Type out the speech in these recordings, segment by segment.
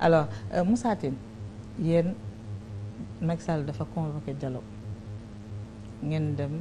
alors euh, Moussa Tine yéen Macky Sall dafa convoqué dialogue ngeen dem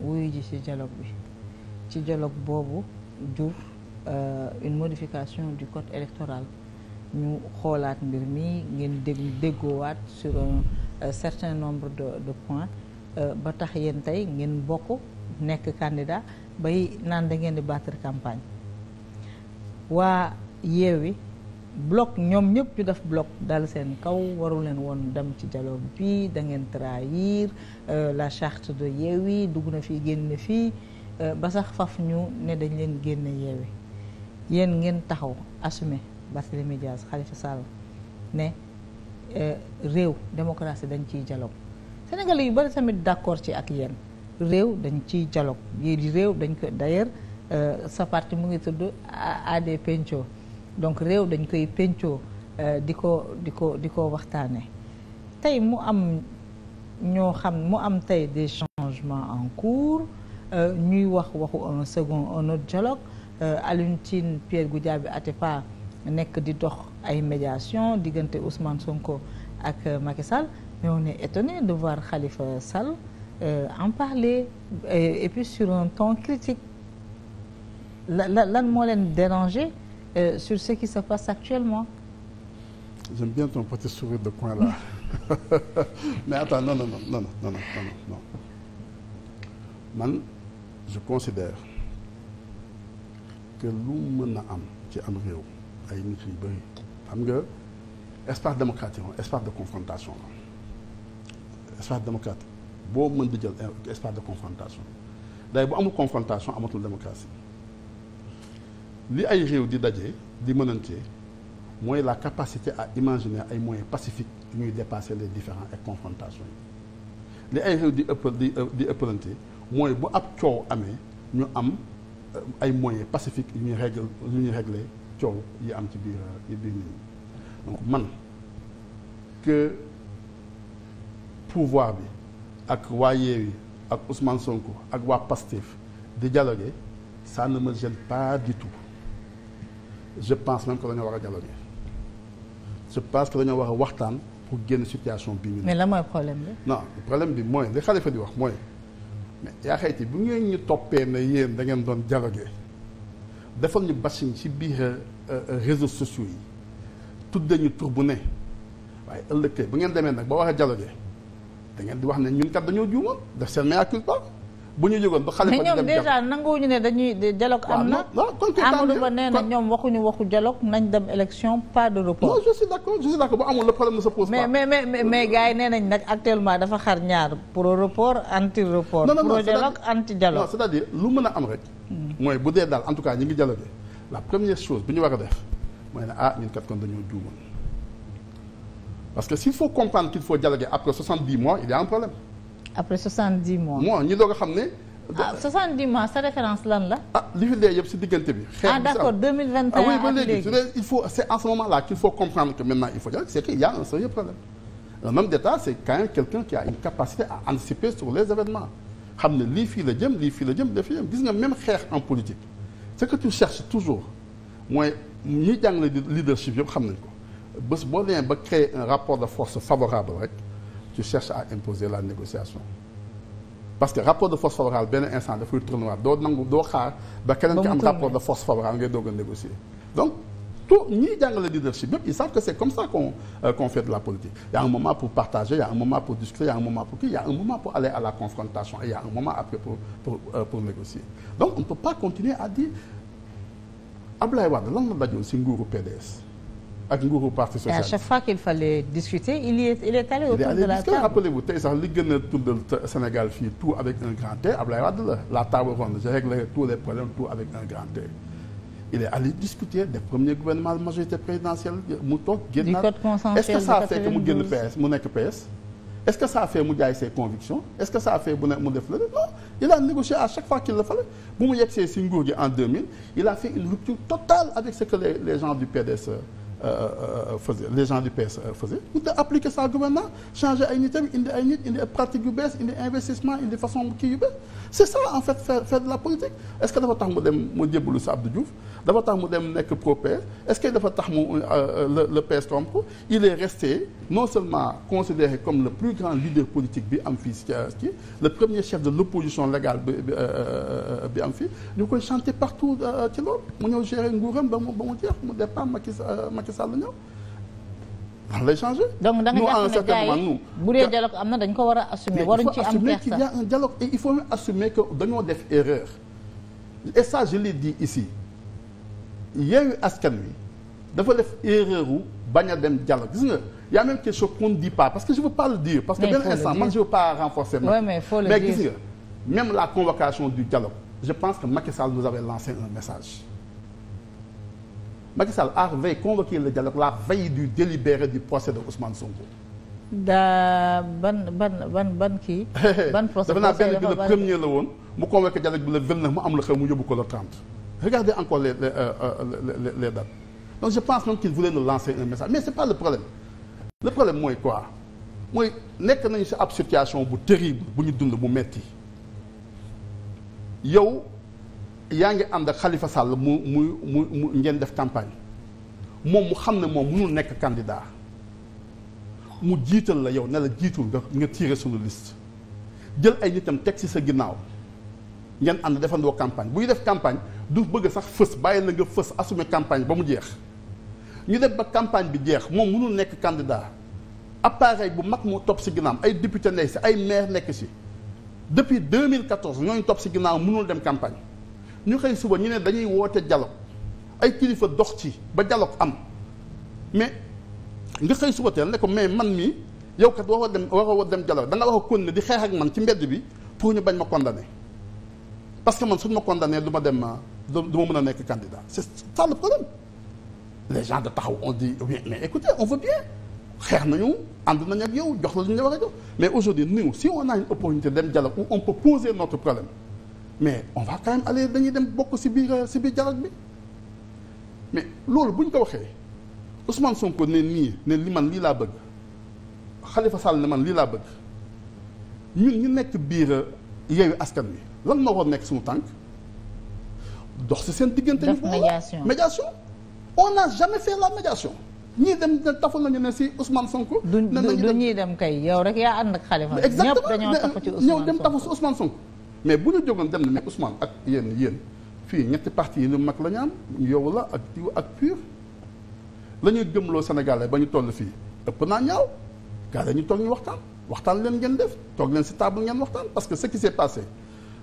wuyu ji ci dialogue bi ci jaloog boobu jur euh, une modification du code électoral ñu xoolaat mbir mi ngeen dégg déggoowaat sur un euh, certain nombre de de euh, ba tax yéen tey ngeen bokk nekk candidat bay naan da ngeen di battre campagne waa Yewwi bloc ñoom ñëpp ñu def bloc dal seen kaw waru leen woon dem ci dialogue bi da ngeen trahir euh, la charte de Yewwi dugg na fii génn fii euh, ba sax faf ñu ne dañ leen génn Yewwi yéen ngeen taxaw assumer Barthélémy Dias Khalifa Sall ne euh, réew démocratie dañ ciy jalog Sénégalais yu bari tamit d'accord ci ak yéen réew dañ ciy dialogue yi réew dañ ko d'ailleurs sa parti mu ngi tudd AD Pencoo donc réew dañ koy péncoo euh, di ko di ko di ko waxtaane tey mu am ñoo xam mu am tey des changements en cours euh, ñuy wax waxu un second un autre dialogue euh, Alioune Tine bi Goudiaby pas nekk di dox ay médiation diggante Ousmane Sonko ak Macky Sall mais on est étonné de voir Khalifa en parler et puis sur un ton critique la la lan moo leen déranger euh, sur ce qui se passe actuellement. J'aime bien ton petit sourire de coin là. Mais attends, non, non, non, non, non, non, non, Man, je considère que lu mën na am ci am réew ay ni yu bëri xam nga espace démocratique espace de confrontation la espace démocratique boo mën di jël eh, espace de confrontation day bu amul confrontation amatul démocratie li ay réew di daje di mënante mooy la capacité à imaginer ay moyens pacifiques ñuy dépasser les différends et confrontations yi li ay réew di ëpp di euh, di ëppalante mooy bu ab coow amee ñu am euh, ay moyens pacifiques yu ñuy régler yu ñuy régler coow yi am ci biir ci euh, biir nit donc man que pouvoir bi ak waa Yewwi ak Ousmane Sonko ak waa Pastef di dialoguer ça ne me gêne pas du tout je pense même que dañoo war a dialoguer je pense que dañoo war a waxtaan pour génn situation bii. mais lan mooy problème bi. non problème bi mooy li Khalifa di wax mooy mais yaa xayti bu ngeen ñu toppee ne yéen da ngeen doon dialoguer defal ñu bashing ci biir euh, euh, réseaux sociaux yi tuddee ñu tur bu ne waaye ëllëg tey bu ngeen demee nag ba war a dialoguer da ngeen di wax ne ñun kat dañoo juumoon def seen mea culpa bu ñu jógoon ba xalifa ne dañuy dialogue am na Amadou Ba nee na ñoom waxuñu waxu dialogue nañ dem élection pas de report non je suis d'accord mais mais mais mais gars yi nee nañ nag actuellement dafa xar ñaar pro report anti report pro dialogue anti dialogue c'est-à-dire lu mën a am rek hmm. mooy bu dee daal en tout cas ñu ngi dialogué la première chose bu ñu war a def mooy ne ah ñun kat dañoo juumoon parce que s'il faut comprendre qu'il faut dialoguer après soixante-dix mois il y un problème après 70 mois. mois ñu doog a xam ne. ah 70 mois sa référence lan la. ah li fi dee yëpp si diggante bi. xeetu ah d' accord 2021 ah oui ba léegi il faut c' est en ce moment là qu' il faut comprendre que maintenant il faut dire c' est que il y a un sérieux problème. le même d'État c' est quand même quelqu'un qui a une capacité à anticiper sur les événements xam ne lii fii la jëm lii fii la jëm dafay jëm gis nga même xeex en politique. ce que tu cherches toujours mooy ñi jàngale leadership yëpp xam nañ ko bés boo demee ba créer un rapport de force favorable rek. tu cherches à imposer la négociation parce que rapport de force favorable benn instant dafay tournoir doo nangu doo xaar ba keneen ki am rapport de force favorable ngay doog a négocier donc tout ñiy jàngale leadership yëpp ils savent que c'est comme euh, de la politique il y a un moment pour partager il y a un moment pour discuter y a un moment pour kii y a un moment pour aller à la confrontation et y a un moment après pour pour euh, pour négocier donc on ne peut pas continuer à dire Ablaye Wade lan la dajoon ci nguuru ak nguuru parti social. à chaque fois qu'il fallait discuter il y il est allé autour de la table rappelez-vous tey sax li gën a tuddal Sénégal fii tout avec un grand T Abdoulaye l la la table ronde je règle tous les problèmes tout avec un grand T. il est allé discuter des premiers gouvernements de majorité présidentielle mu toog génnaat est-ce que ça a fait que mu génn PS mu nekk PS est-ce a fait a fait bu ne mu def la non il a négocié à chaque fois qu'il le fallait bu mu yegsee il a fait une rupture totale avec ce que les les du PDS Euh, euh, euh, faisaient les gens du PS faisaient mu da appliquer ça gouvernance changer ay nitam ay nit indi pratique yu bees indi investissement indi façon kii yu bees c'est ça en fait faire faire de la politique est-ce que dafa tax mu dem mu jébbalu si Abdou Diouf dafa tax mu dem nekk pro est-ce que dafa tax mu le PS trompe il est resté non seulement considéré comme le plus grand leader politique bi am fii ci le premier chef de l'opposition légale bi bi am fii ñu koy chanter Macky Sall ñëw lan lay changé. donc da nga jàpp ne bu dee dialogue am na dañ ko war a assumer. waruñ ci am perte mais il faut assumer qu'il y a un dialogue et il faut même assumer que dañoo def erreur et ça je l'ai dit ici Yewwi Askan Wi dafa def erreur wu bañ a dem dialogue y a même quelque chose qu'on ne dit pas parce que je veux pas le dire. parce que benn instant man je veux pas renforcer. ma oui, mais faut le dire mais gis la convocation du dialogue je pense que Macky Sall nous avait lancé un message. Macky Sall avait convoqué le dialogue la veille du délibéré du procès de Ousmane Sonko. daa ban ban ban ban kii. ban procès dafa benn bi le premier la woon mu convoqué dialogue bi le 29 mu am la xew mu yóbbu ko le 30. regardez encore les les, euh, euh les les les dates donc je pense même qu'il voulait nous lancer un message mais c'est pas le problème le problème mooy quoi mooy nekk nañu si ab situation bu terrible bu ñu dund bu metti yow. yaa ngi ànd ak Khalifa Sall mu mu mu mu ngeen def campagne moom mu xam ne moom mënul nekk candidat mu jiital la yow ne la jiitul nga nga tiré suñu liste jël ay nitam teg ci sa ginnaaw ngeen ànd defandoo campagne buy def campagne du bëgg sax fës bàyyi na nga fës assumer campagne ba mu jeex ñu def ba campagne bi jeex moom mënul nekk candidat appareil bu mag moo topp si ginnaaw ay député nekk si ay maire nekk si depuis 2014 ñooñu topp si ginnaaw mënul dem campagne ñu xëy suba ñu ne dañuy woote dialogue ay kilifa dox ci ba ko am mais nga xëy suba teel ne ko mais man mii yow kat waroo dem waroo dem jaloo da nga wax kon ne di xeex ak man ci mbedd bi pour ñu bañ ma condamné parce que man suñ ma condamné du ma dem du ma mën a nekk candidat c'est ça le problème les gens de taxaw on dit oui mais écoutez on veut bien xeex nañu ànd nañ ak yow jox la lu ñu la war a jox mais aujourd'hui nous si on a une dem dialogue où on peut poser problème mais on va quand aller dañuy dem bokk si biir ci biir dialogue bi mais loolu bu ñu ko waxee Ousmane Sonko ne nii ne li man lii laa bëgg xalifa Sall ne man lii laa bëgg ñun ñu nekk biir yeewu askan bi lan moo war nekk suñu tànk dox ci seen diggante. def médiation médiation. on n'a jamais fait la médiation. ñii dem ne tafu nañu ne si Ousmane Sonko. ne nañu dem du ñuy dem kay yow rek yaa ànd ak Khalifa. ñëpp tafu ñëw dem tafu si Ousmane Sonko. mais bu ñu jógoon dem ne mais ak yéen yéen fii ñetti parti yi ñu mag la ñu am yow la ak diw ak pur la ñuy gëmloo Sénégalais ba ñu toll fii ëpp naa ñaaw gars yi ñu toog ñu waxtaan waxtaan leen ngeen def toog leen si table ngeen waxtaan parce que ce qui s'est passé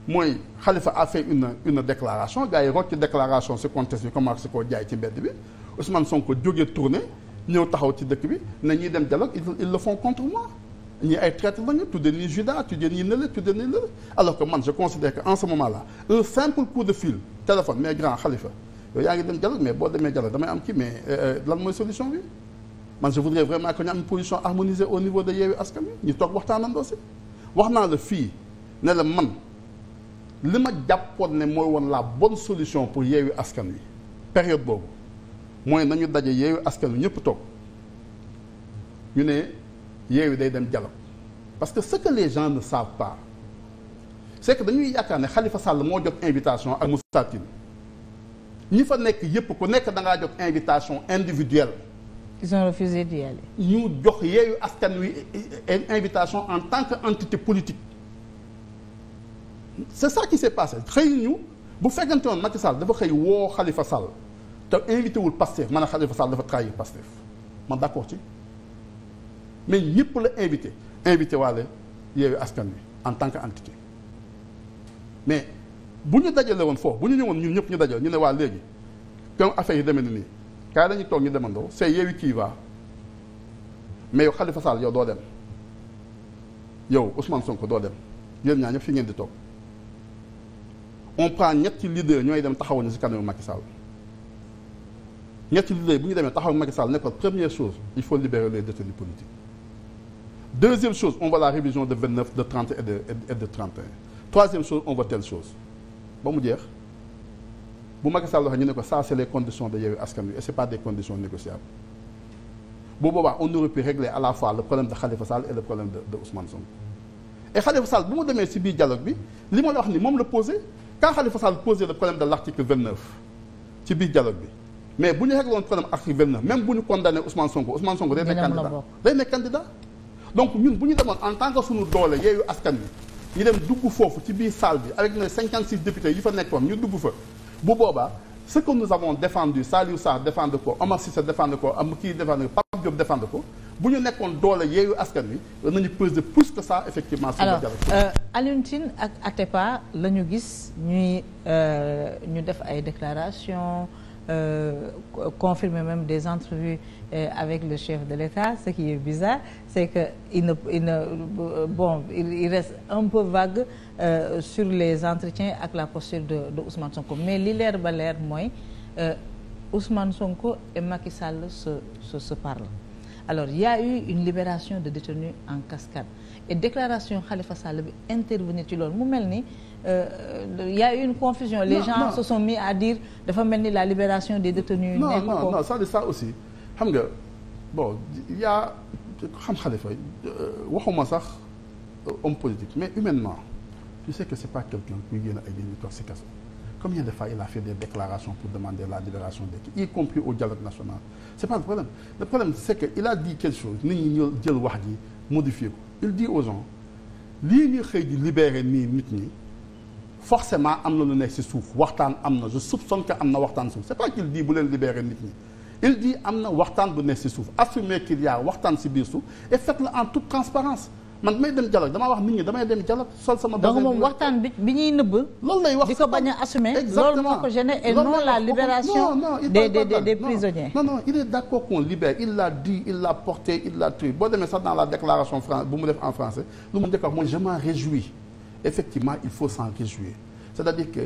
mooy Khalifa a une une déclaration gars yi rocc déclaration si contexte bi commencé koo jaay ci mbedd bi Ousmane Sonko jógee tourné ñëw taxaw ci dëkk bi na ñuy dem dialogue il le font contre moi ñi ay traître lañu tudde ni Judas tudde ni nële tudde ni nële alors que man je considère que en ce moment là simple coup de fil téléphone mais grand xalifa yow yaa ngi dem dialogue mais boo demee dialogue damay am kii mais euh, euh, lan mooy solution bi man je voudrais vraiment que ñu am une position harmonisée au niveau de Yewwi Askan Wi ñu toog waxtaanandoo si wax naa la fii ne la man li ma jàppoon ne mooy woon la bonne solution pour Yewwi Askan Wi période boobu mooy nañu daje Yewwi Askan Wi ñëpp toog ñu Yewwi day dem dialogue parce que ce que les gens ne savent pas c'est dañuy yàkkaar ne xalifa Sall moo jot invitation ak Moussa Tine ñi fa nekk yëpp ko nekk da ngaa jot invitation individuelle. ils ñu jox Yewwi Askan Wi invitation en tant que entité politique c'est ça qui s'est passé xëy ñu bu fekkante woon Macky Sall dafa xëy woo xalifa Sall te invité wul Pastef man a Khalifa Sall dafa trahir Pastef man d'accord ci. mais ñëpp la invité invité waale Yewwi Askan Wi en tant que entité mais bu ñu dajale woon foofu bu ñu ñëwoon ñun ñëpp ñu dajale ñu ne waa léegi comme affaire yi demee na nii kaay dañuy toog ñu demandoo c'est Yewwi qui va mais yow Khalifa yow doo dem yow Ousmane Sonko doo dem yéen ñaa ñëpp fi ngeen di toog en prend ñetti leader ñooy dem taxaw na si kanamu Macky Sall ñetti leader bu ñu demee taxaw Macky Sall ne ko première chose il faut libérer les deuxième chose on voit la révision de 29 de 30 et de et de troisième chose on voit telle chose ba mu jeex bu Macky Sall waxee ñu ne ko ça c'est les conditions de Yewwi Askan Wi et c'est pas des conditions négociables bu boobaa on aurait pu à la fois le problème de Khalifa et le problème de de Ousmane Sonko et Khalifa Sall bu mu demee ci biir dialogue bi li ma la wax ni moom la posé quand Khalifa Sall posé le problème de l'article 29 bi mais donc ñun bu ñu demoon en tant que suñu doole yeeyu askan bi ñu dem dugg foofu ci biir salle bi avec les cinquante six députés yi fa nekkoon ñu dugg fa bu boobaa ce que nous avons défendu Saliou Sarr défendre ko Omar Cissé ko am kii défendre ko Pape Diop bu ñu nekkoon doole yeeyu askan wi nañu peser plus que ça effectivement. sur le dialogue alors euh, Alioune Tine ak Atepa la ñu gis ñuy euh, ñu def ay déclarations. Euh, confirmer même des entrevues euh, avec le chef de l'État ce qui est bizarre c'est que il reste un peu vague euh, sur les entretiens ak la posture de de Ousmane Sonko mais li leer ba leer mooy Ousmane Sonko et Macky Sall se se se alors il y a eu une libération de détenus en cascade et déclaration Khalifa Sall bi intervenir ci loolu mu mel ni. Euh, euh, y a eu une confusion. les non, gens non. se mis à dire dafa mel ni la libération des détenus. non non non non c'est-à-dire aussi xam nga bon y xam Khalifa euh, waxuma sax homme politique mais humainement tu sais que c'est pas quelqu'un kuy génn ay dañuy toog si kaso. combien de fois il a fait des déclarations pour demander la libération des kii y compris au dialogue national c'est pas le problème le problème c'est que il a dit quelque chose nit ñi jël wax ji modifié ko il dit aux gens lii ñu xëy nii nit ñi forcément am na lu nekk ci suuf waxtaan am na je soupçonne am na waxtaan suuf c'est pas qu'il dit am na waxtaan bu nekk ci suuf assumer qu'il y a biir suuf et faites-le en toute transparence man damay dem dialogue damaa wax nit ñi damay dem dialogue sol sama donc moom waxtaan bi bi ñuy nëbb loolu lay wax di ko bañ a assumer loolu moo ko gêné et non la libération des des il est d'accord qu'on libère il l'a dit il l'a porté il l'a tué boo demee sax dans la déclaration bu mu def en français lu mu njëkk m'en réjouis effectivement il faut s'en réjouir c'est-à-dire que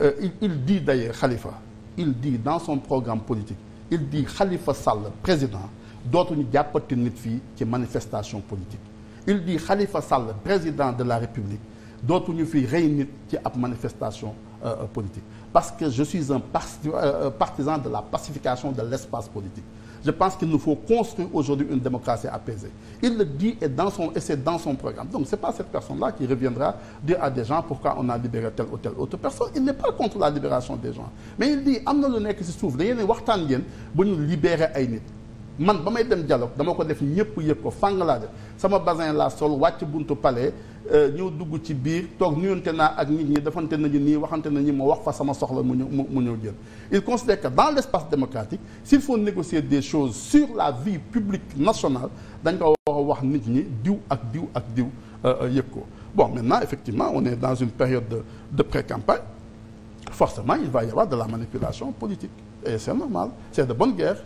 euh, il, il dit d'ailleurs Khalifa il dit dans son programme politique il dit Khalifa Sall président dootuñu jàppati nit fii ci manifestation politique il dit Khalifa Sall président de la République dootuñu fi rey nit ci ab manifestation euh, euh, politique parce que je suis un euh, euh, partisan de la pacification de l'espace politique Je pense qu'il nous faut construire aujourd'hui une démocratie apaisée. Il le dit et, dans son, et Donc ce pas cette personne-là qui reviendra dire à des pourquoi on a libéré telle ou telle autre personne. Il n'est pas contre la libération des gens. Mais il dit, am na lu nekk ci suuf dañu ne waxtaan ngeen ba ñu libérer ay nit man ba may dem dialogue dama ko def ñëpp yëpp ko fàng laa def sama basin laa sol wàcc buntu palais euh, ñëw dugg ci biir toog nuyonte naa ak nit ñi defante nañu nii waxante nañu ma wax fa sama soxla mu ñëw mu ñëw jël il considère que dans l' espace démocratique s'il faut négocier des choses sur la vie publique nationale dañ ko war wax nit ñi diw ak diw ak diw euh, euh, yëpp ko bon naa effectivement on est dans une période de de pré-campagne forcément il va y avoir de la manipulation de bonne guerre